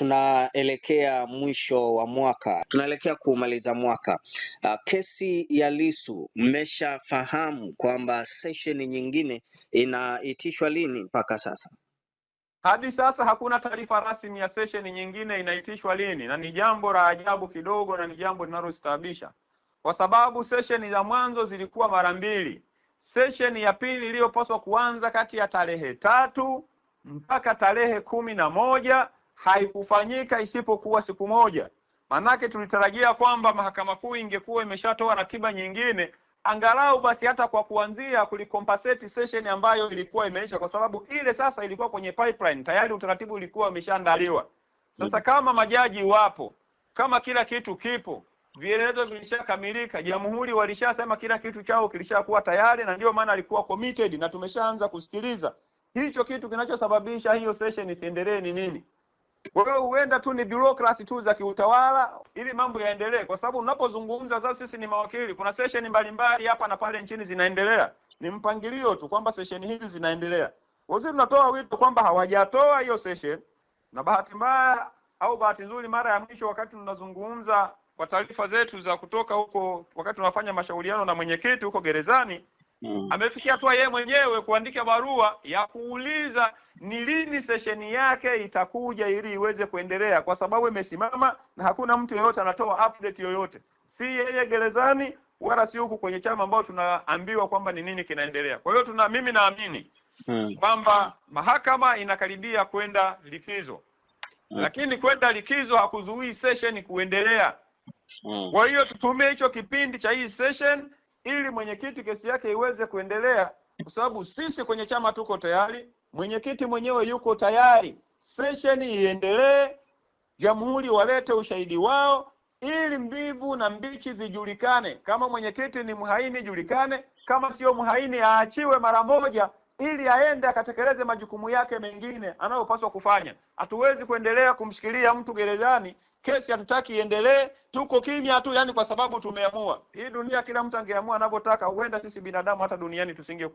tunaelekea mwisho wa mwaka, tunaelekea kumaliza mwaka. Uh, kesi ya Lissu mmeshafahamu kwamba sesheni nyingine inaitishwa lini mpaka sasa? Hadi sasa hakuna taarifa rasmi ya sesheni nyingine inaitishwa lini, na ni jambo la ajabu kidogo na ni jambo linalostaabisha kwa sababu sesheni za mwanzo zilikuwa mara mbili. Sesheni ya pili iliyopaswa kuanza kati ya tarehe tatu mpaka tarehe kumi na moja haikufanyika isipokuwa siku moja. Manake tulitarajia kwamba mahakama kuu ingekuwa imeshatoa ratiba nyingine angalau basi hata kwa kuanzia kulikompaseti session ambayo ilikuwa imeisha, kwa sababu ile sasa ilikuwa kwenye pipeline tayari, utaratibu ulikuwa umeshaandaliwa. Sasa mm. kama majaji wapo, kama kila kitu kipo, vielelezo vilishakamilika, jamhuri walishasema kila kitu chao kilishakuwa tayari, na ndio maana alikuwa committed na tumeshaanza kusikiliza. Hicho kitu kinachosababisha hiyo session isiendelee ni nini? Kwa hiyo huenda tu ni bureaucracy tu za kiutawala ili mambo yaendelee, kwa sababu unapozungumza sasa, sisi ni mawakili, kuna session mbalimbali hapa na pale nchini zinaendelea, ni mpangilio tu kwamba session hizi zinaendelea. Kwa hiyo tunatoa wito kwamba hawajatoa hiyo session, na bahati mbaya au bahati nzuri, mara ya mwisho wakati tunazungumza kwa taarifa zetu za kutoka huko, wakati tunafanya mashauriano na mwenyekiti huko gerezani mm. Amefikia hatua yeye mwenyewe kuandika barua ya kuuliza ni lini sesheni yake itakuja ili iweze kuendelea, kwa sababu imesimama na hakuna mtu yeyote anatoa update yoyote, si yeye gerezani wala si huku kwenye chama ambao tunaambiwa kwamba ni nini kinaendelea. Kwa hiyo tuna mimi naamini kwamba mm. kwamba mahakama inakaribia kwenda likizo mm. lakini kwenda likizo hakuzuii session kuendelea mm. kwa hiyo tutumie hicho kipindi cha hii session ili mwenyekiti kesi yake iweze kuendelea, kwa sababu sisi kwenye chama tuko tayari, mwenyekiti mwenyewe yuko tayari, sesheni iendelee, jamhuri walete ushahidi wao ili mbivu na mbichi zijulikane. Kama mwenyekiti ni mhaini, julikane. Kama sio mhaini, aachiwe mara moja, ili aende akatekeleze majukumu yake mengine anayopaswa kufanya. Hatuwezi kuendelea kumshikilia mtu gerezani, kesi hatutaki iendelee, tuko kimya tu, yani kwa sababu tumeamua. Hii dunia kila mtu angeamua anavyotaka, huenda sisi binadamu hata duniani tusinge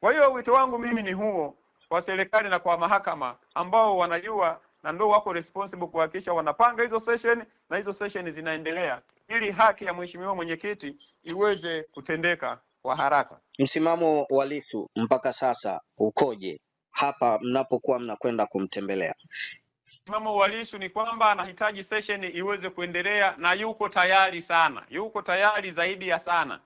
Kwa hiyo wito wangu mimi ni huo kwa serikali na kwa mahakama ambao wanajua na ndio wako responsible kuhakikisha wanapanga hizo session na hizo session zinaendelea ili haki ya mheshimiwa mwenyekiti iweze kutendeka kwa haraka. Msimamo wa Lissu mpaka sasa ukoje hapa mnapokuwa mnakwenda kumtembelea? Msimamo wa Lissu ni kwamba anahitaji session iweze kuendelea na yuko tayari sana, yuko tayari zaidi ya sana.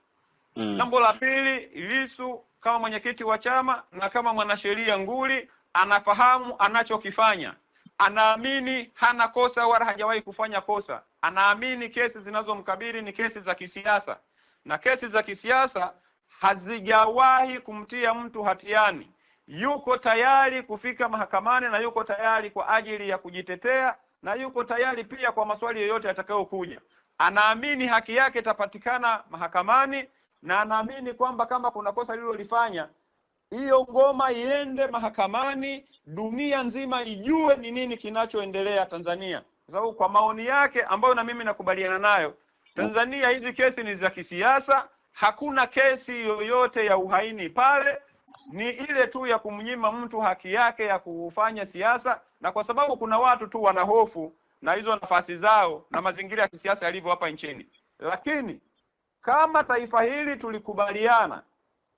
Mm. Jambo mm. la pili, Lissu kama mwenyekiti wa chama na kama mwanasheria nguli anafahamu anachokifanya, anaamini hana kosa wala hajawahi kufanya kosa. Anaamini kesi zinazomkabili ni kesi za kisiasa, na kesi za kisiasa hazijawahi kumtia mtu hatiani yuko tayari kufika mahakamani na yuko tayari kwa ajili ya kujitetea na yuko tayari pia kwa maswali yoyote yatakayokuja anaamini haki yake itapatikana mahakamani na anaamini kwamba kama kuna kosa lilolifanya hiyo ngoma iende mahakamani dunia nzima ijue ni nini kinachoendelea Tanzania kwa sababu kwa maoni yake ambayo na mimi nakubaliana nayo Tanzania hizi kesi ni za kisiasa hakuna kesi yoyote ya uhaini pale, ni ile tu ya kumnyima mtu haki yake ya kufanya siasa, na kwa sababu kuna watu tu wanahofu na hizo nafasi zao na mazingira ya kisiasa yalivyo hapa nchini. Lakini kama taifa hili tulikubaliana,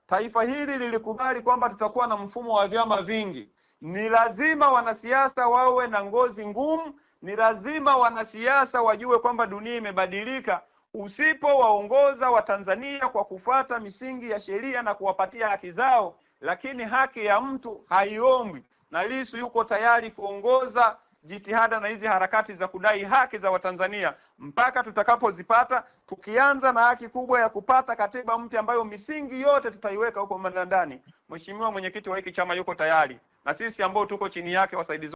taifa hili lilikubali kwamba tutakuwa na mfumo wa vyama vingi, ni lazima wanasiasa wawe na ngozi ngumu, ni lazima wanasiasa wajue kwamba dunia imebadilika usipowaongoza Watanzania kwa kufata misingi ya sheria na kuwapatia haki zao, lakini haki ya mtu haiombwi. Na Lissu yuko tayari kuongoza jitihada na hizi harakati za kudai haki za Watanzania mpaka tutakapozipata, tukianza na haki kubwa ya kupata katiba mpya ambayo misingi yote tutaiweka huko ndani. Mheshimiwa mwenyekiti wa hiki chama yuko tayari, na sisi ambao tuko chini yake wasaidizi